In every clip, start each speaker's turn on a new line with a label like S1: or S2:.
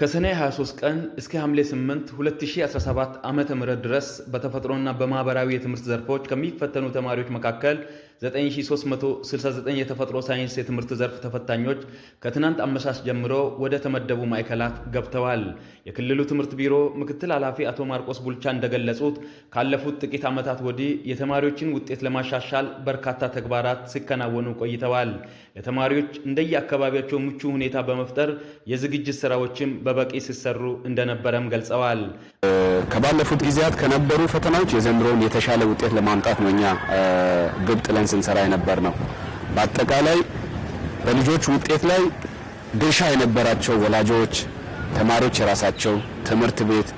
S1: ከሰኔ 23 ቀን እስከ ሐምሌ 8 2017 ዓ.ም ድረስ በተፈጥሮና በማህበራዊ የትምህርት ዘርፎች ከሚፈተኑ ተማሪዎች መካከል 9369 የተፈጥሮ ሳይንስ የትምህርት ዘርፍ ተፈታኞች ከትናንት አመሻሽ ጀምሮ ወደ ተመደቡ ማዕከላት ገብተዋል። የክልሉ ትምህርት ቢሮ ምክትል ኃላፊ አቶ ማርቆስ ቡልቻ እንደገለጹት ካለፉት ጥቂት ዓመታት ወዲህ የተማሪዎችን ውጤት ለማሻሻል በርካታ ተግባራት ሲከናወኑ ቆይተዋል። ለተማሪዎች እንደየአካባቢያቸው ምቹ ሁኔታ በመፍጠር የዝግጅት ስራዎችም በበቂ ሲሰሩ እንደነበረም ገልጸዋል።
S2: ከባለፉት ጊዜያት ከነበሩ ፈተናዎች የዘንድሮውን የተሻለ ውጤት ለማምጣት ነው እኛ ግብ ጥለን አብረን ስንሰራ የነበር ነው። በአጠቃላይ በልጆች ውጤት ላይ ድርሻ የነበራቸው ወላጆች፣ ተማሪዎች፣ የራሳቸው ትምህርት ቤት፣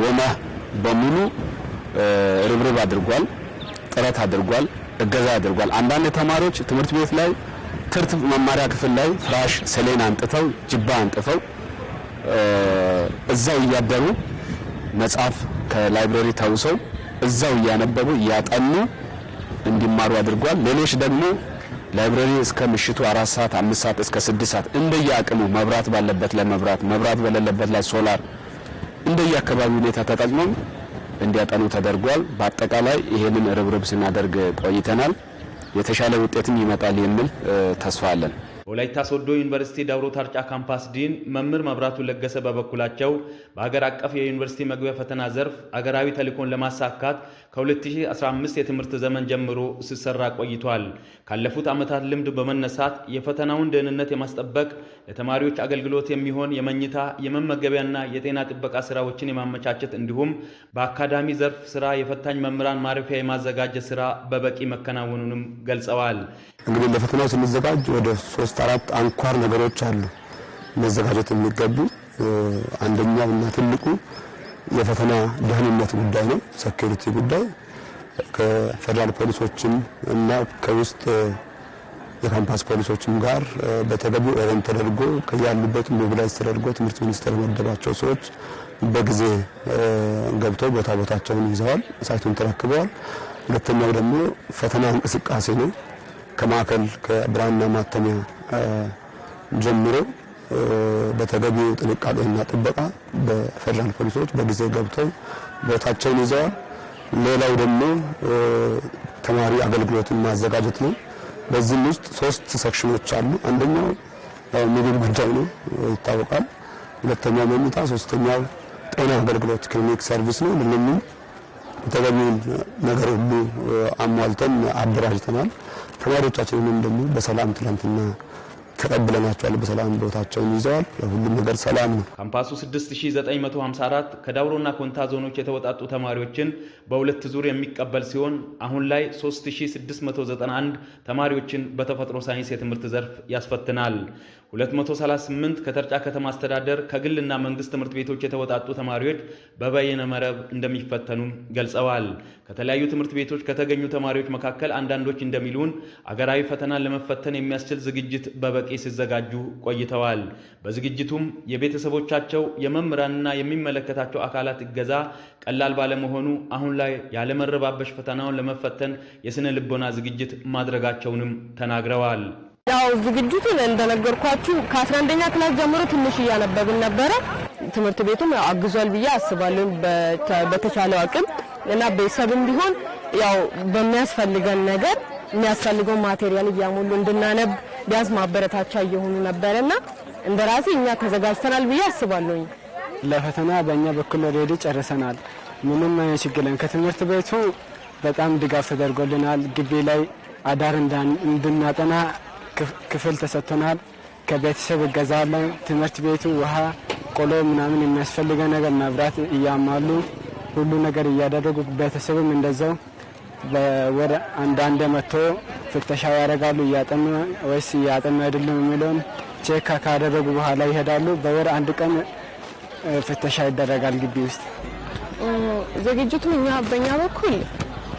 S2: ወመህ በሙሉ ርብርብ አድርጓል፣ ጥረት አድርጓል፣ እገዛ አድርጓል። አንዳንድ ተማሪዎች ትምህርት ቤት ላይ ትርት መማሪያ ክፍል ላይ ፍራሽ፣ ሰሌን አንጥተው ጅባ አንጥፈው እዛው እያደሩ መጽሐፍ ከላይብረሪ ተውሰው እዛው እያነበቡ እያጠኑ እንዲማሩ አድርጓል። ሌሎች ደግሞ ላይብረሪ እስከ ምሽቱ አራት ሰዓት አምስት ሰዓት እስከ ስድስት ሰዓት እንደየ አቅሙ መብራት ባለበት ለመብራት መብራት በሌለበት ላይ ሶላር እንደየአካባቢ ሁኔታ ተጠቅመው እንዲያጠኑ ተደርጓል። በአጠቃላይ ይሄንን ርብርብ ስናደርግ ቆይተናል። የተሻለ ውጤትም ይመጣል የሚል ተስፋ አለን።
S1: በወላይታ ሶዶ ዩኒቨርሲቲ ዳውሮ ታርጫ ካምፓስ ዲን መምህር መብራቱ ለገሰ በበኩላቸው በሀገር አቀፍ የዩኒቨርሲቲ መግቢያ ፈተና ዘርፍ አገራዊ ተልዕኮን ለማሳካት ከ2015 የትምህርት ዘመን ጀምሮ ሲሰራ ቆይቷል። ካለፉት ዓመታት ልምድ በመነሳት የፈተናውን ደህንነት የማስጠበቅ ለተማሪዎች አገልግሎት የሚሆን የመኝታ የመመገቢያና የጤና ጥበቃ ስራዎችን የማመቻቸት እንዲሁም በአካዳሚ ዘርፍ ስራ የፈታኝ መምህራን ማረፊያ የማዘጋጀት ስራ በበቂ መከናወኑንም ገልጸዋል።
S3: እንግዲህ ለፈተናው ስንዘጋጅ ወደ ሶስት አራት አንኳር ነገሮች አሉ መዘጋጀት የሚገቡ። አንደኛው እና ትልቁ የፈተና ደህንነት ጉዳይ ነው፣ ሴኩሪቲ ጉዳይ ከፌደራል ፖሊሶችም እና ከውስጥ የካምፓስ ፖሊሶችም ጋር በተገቢ ኦሬን ተደርጎ ያሉበት ሞቢላይዝ ተደርጎ ትምህርት ሚኒስቴር መደባቸው ሰዎች በጊዜ ገብተው ቦታ ቦታቸውን ይዘዋል፣ ሳይቱን ተረክበዋል። ሁለተኛው ደግሞ ፈተና እንቅስቃሴ ነው። ከማዕከል ከብራና ማተሚያ ጀምሮ በተገቢው ጥንቃቄና ጥበቃ በፌደራል ፖሊሶች በጊዜ ገብተው ቦታቸውን ይዘዋል። ሌላው ደግሞ ተማሪ አገልግሎትን ማዘጋጀት ነው። በዚህም ውስጥ ሶስት ሴክሽኖች አሉ። አንደኛው ምግብ ጉዳይ ነው ይታወቃል። ሁለተኛው መኝታ፣ ሶስተኛው ጤና አገልግሎት ክሊኒክ ሰርቪስ ነው። ለምን ተገቢውን ነገር ሁሉ አሟልተን አደራጅተናል። ተማሪዎቻችንንም ደግሞ በሰላም ትላንትና ተቀብለናቸዋል። በሰላም ቦታቸውን ይዘዋል። ሁሉም ነገር ሰላም ነው።
S1: ካምፓሱ 6954 ከዳውሮና ኮንታ ዞኖች የተወጣጡ ተማሪዎችን በሁለት ዙር የሚቀበል ሲሆን አሁን ላይ 3691 ተማሪዎችን በተፈጥሮ ሳይንስ የትምህርት ዘርፍ ያስፈትናል። 238 ከተርጫ ከተማ አስተዳደር ከግልና መንግስት ትምህርት ቤቶች የተወጣጡ ተማሪዎች በበይነ መረብ እንደሚፈተኑም ገልጸዋል። ከተለያዩ ትምህርት ቤቶች ከተገኙ ተማሪዎች መካከል አንዳንዶች እንደሚሉን አገራዊ ፈተናን ለመፈተን የሚያስችል ዝግጅት በበቂ ሲዘጋጁ ቆይተዋል። በዝግጅቱም የቤተሰቦቻቸው የመምህራንና የሚመለከታቸው አካላት እገዛ ቀላል ባለመሆኑ አሁን ላይ ያለመረባበሽ ፈተናውን ለመፈተን የስነ ልቦና ዝግጅት ማድረጋቸውንም ተናግረዋል።
S4: ያው ዝግጅቱ እንደነገርኳችሁ ከ11ኛ ክላስ ጀምሮ ትንሽ እያነበብን ነበረ። ትምህርት ቤቱም አግዟል ብዬ አስባለሁ በተቻለው አቅም እና ቤተሰብም ቢሆን ያው በሚያስፈልገን ነገር የሚያስፈልገው ማቴሪያል እያሞሉ እንድናነብ ቢያንስ ማበረታቻ እየሆኑ ነበረ ነበረና እንደ ራሴ እኛ ተዘጋጅተናል ብዬ አስባለሁኝ።
S5: ለፈተና በእኛ በኩል ኦልሬዲ ጨርሰናል። ምንም አይነት ችግር ከትምህርት ቤቱ በጣም ድጋፍ ተደርጎልናል። ግቢ ላይ አዳር እንድናጠና ክፍል ተሰጥቶናል። ከቤተሰብ እገዛ አለ። ትምህርት ቤቱ ውሃ፣ ቆሎ ምናምን የሚያስፈልገ ነገር መብራት እያማሉ ሁሉ ነገር እያደረጉ ቤተሰብም እንደዛው ወደ አንዳንድ መጥቶ ፍተሻ ያደርጋሉ። እያጠኑ ወይስ እያጠኑ አይደለም የሚለውን ቼክ ካደረጉ በኋላ ይሄዳሉ። በወር አንድ ቀን ፍተሻ ይደረጋል ግቢ ውስጥ።
S6: ዝግጅቱ እኛ በኛ በኩል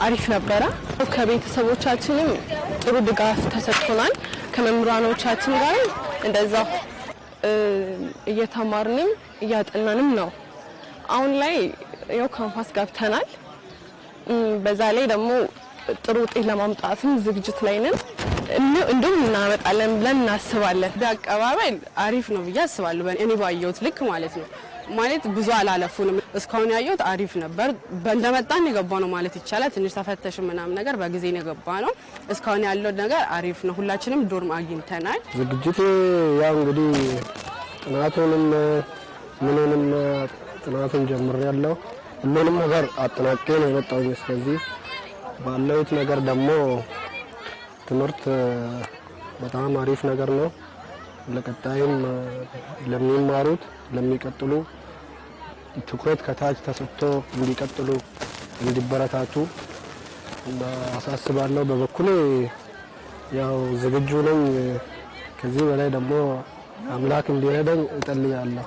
S6: አሪፍ ነበረ። ከቤተሰቦቻችንም ጥሩ ድጋፍ ተሰጥቶናል። ከመምህራኖቻችን ጋር እንደዛ እየተማርንም እያጠናንም ነው። አሁን ላይ ያው ካምፓስ ገብተናል። በዛ ላይ ደግሞ ጥሩ ውጤት ለማምጣትም ዝግጅት ላይ ነን። እንዲሁም እናመጣለን ብለን እናስባለን።
S7: አቀባበል አሪፍ ነው ብዬ አስባለሁ፣ እኔ ባየሁት ልክ ማለት ነው። ማለት ብዙ አላለፉንም። እስካሁን ያየሁት አሪፍ ነበር። እንደመጣን የገባ ነው ማለት ይቻላል። ትንሽ ተፈተሽ ምናምን ነገር በጊዜ የገባ ነው። እስካሁን ያለው ነገር አሪፍ ነው። ሁላችንም ዶርም አግኝተናል።
S8: ዝግጅት ያው እንግዲህ ጥናቱንም ምንንም ጥናቱን ጀምር ያለው ሁሉንም ነገር አጠናቄ ነው የመጣሁኝ። ስለዚህ ባለሁት ነገር ደግሞ ትምህርት በጣም አሪፍ ነገር ነው። ለቀጣይም ለሚማሩት ለሚቀጥሉ ትኩረት ከታች ተሰጥቶ እንዲቀጥሉ እንዲበረታቱ አሳስባለሁ። በበኩሌ ያው ዝግጁ ነኝ። ከዚህ በላይ ደግሞ አምላክ እንዲረዳኝ እጠልያለሁ።